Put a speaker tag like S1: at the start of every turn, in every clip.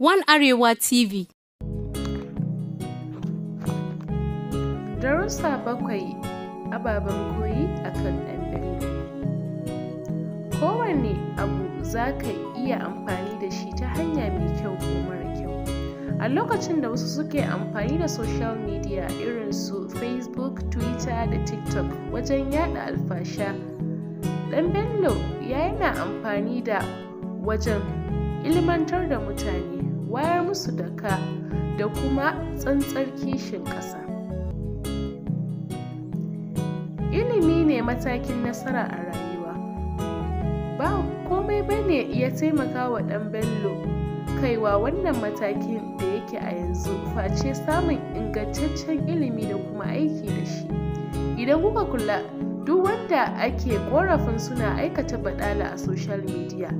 S1: One Arewa TV. Darussa bakwai ababen koyi a kan ɗan Kowane abu za ka iya amfani da shi ta hanya mai kyau ko mara kyau. A lokacin da wasu suke amfani da social media irin su Facebook, Twitter da TikTok wajen yada alfasha, ɗan Bello ya yana amfani da wajen ilmantar da mutane. wayar musu da ka da kuma tsantsar kishin ƙasa ilimi ne matakin nasara a rayuwa ba komai bane ya taimaka wa ɗan bello kaiwa wannan matakin da yake a yanzu face samun ingantaccen ilimi da kuma aiki da shi idan kuka kula duk wanda ake korafin suna aikata baɗala a social media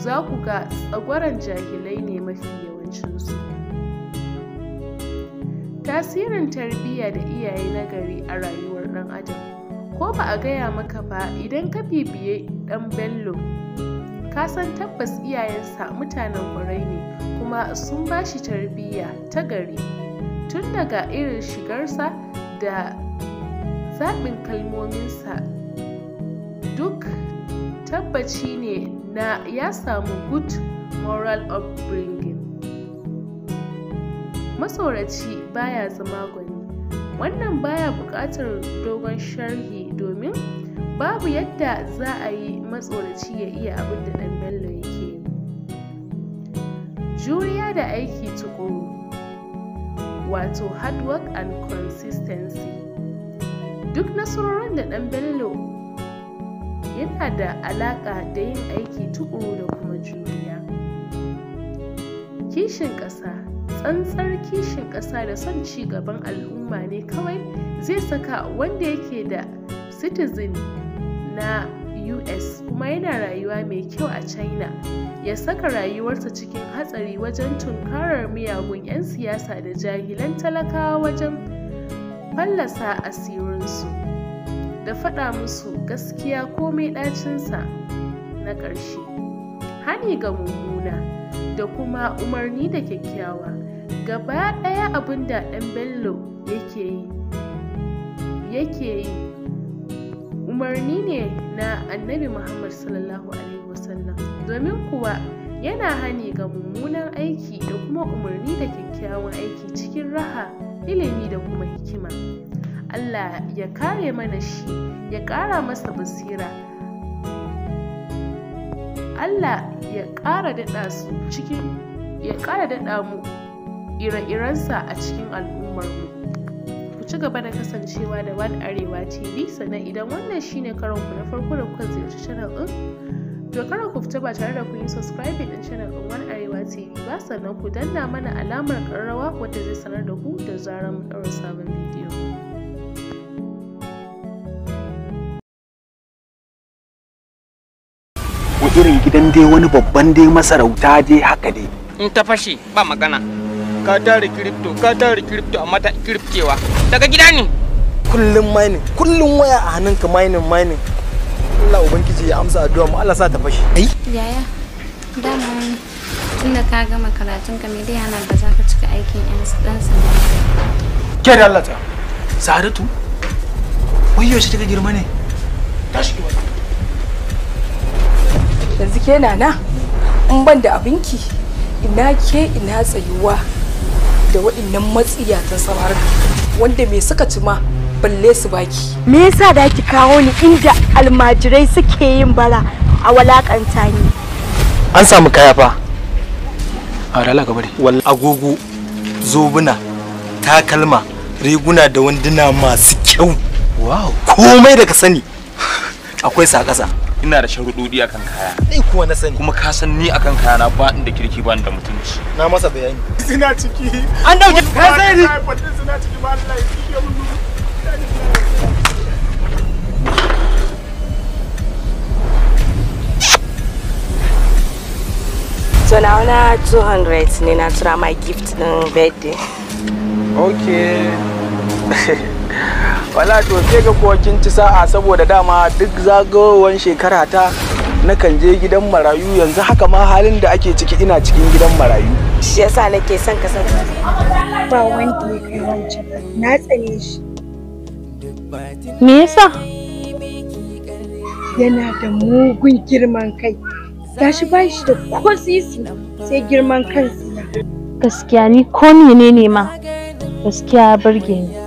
S1: za ku ga tsagwaran jahilai ne mafi yawa abincinsu tasirin tarbiyya da iyaye na gari a rayuwar ɗan adam ko ba a gaya maka ba idan ka bibiye ɗan bello ka san tabbas iyayensa mutanen ƙwarai ne kuma sun ba shi tarbiyya ta gari tun daga irin shigarsa da zaɓin kalmominsa duk tabbaci ne na ya samu good moral upbringing masauraci baya zama gwani wannan baya buƙatar dogon sharhi domin babu yadda za a yi matsoraci ya iya abin da ɗan bello yake juriya da aiki tukuru wato hard work and consistency duk nasarorin da ɗan bello yana da alaƙa da yin aiki tukuru da kuma juriya kishin ƙasa tsantsar kishin ƙasa da son ci gaban al'umma ne kawai zai saka wanda yake da citizen na us kuma yana rayuwa mai kyau a china ya saka rayuwarsa cikin hatsari wajen tunkarar miyagun 'yan siyasa da jahilan talakawa wajen fallasa asirinsu da faɗa musu gaskiya komai ɗacinsa na ƙarshe hani ga mummuna da kuma umarni da kyakkyawa gaba ɗaya abin da ɗan bello yake yi yake yi umarni ne na annabi muhammad sallallahu alaihi wasallam domin kuwa yana hani ga mummunan aiki da kuma umarni da kyakkyawan aiki cikin raha ilimi da kuma hikima allah ya kare mana shi ya ƙara masa basira allah ya ƙara daɗa su cikin ya ƙara daɗa mu ire-irensa a cikin al'ummarmu ku ci gaba da kasancewa da wani arewa tv sannan idan wannan shine ku na farko da kuka ziyarci channel din to kada ku fita ba tare da ku yi subscribe din channel din wani arewa tv ba sannan ku danna mana alamar karrawa wadda zai sanar da ku da zarar mu ɗaura sabon bidiyo irin gidan dai wani babban dai masarauta dai haka dai. In ta fashe ba magana. ka tare crypto ka tare crypto amma ta kirfkewa daga gida ne kullum mining kullum waya a hannunka mining mining Allah ubangiji ya amsa addu'a mu Allah sa ta fashe ai yaya dama tunda ka gama karatun ka me dai yana ba za ka cika aikin yan dan sanda ke da Allah ta Saratu wayo shi daga girma ne tashi ki wani yanzu ke nana in ban da abinki ina ke ina tsayuwa da waɗannan matsiyatan samarin wanda me suka ci ma balle su baki. Me yasa da ki kawo ni inda almajirai suke yin bara a walakanta ni? An samu kaya fa. A rala ka bari. agogo, zobuna, takalma, riguna da wanduna masu kyau. Wow. Komai da ka sani akwai sa ƙasa. ina da sharuɗoɗi akan kaya. Ai kuwa na sani. Kuma ka san ni akan kaya na ba inda kirki ba da mutunci. Na masa bayani. Sina ciki. An dauke ka sai ni. Sina ciki ba So now na 200 ne na tura my gift din birthday. Okay. wala to sai ga kuwa kin ci sa'a saboda dama duk zagawowar shekara ta na kan je gidan marayu yanzu haka ma halin da ake ciki ina cikin gidan marayu shi yasa nake son ka san ba wanda ya kai wancan na tsane shi me yasa yana da mugun girman kai gashi ba shi da ko sisi sai girman kansa gaskiya ni ko menene ma gaskiya burge ni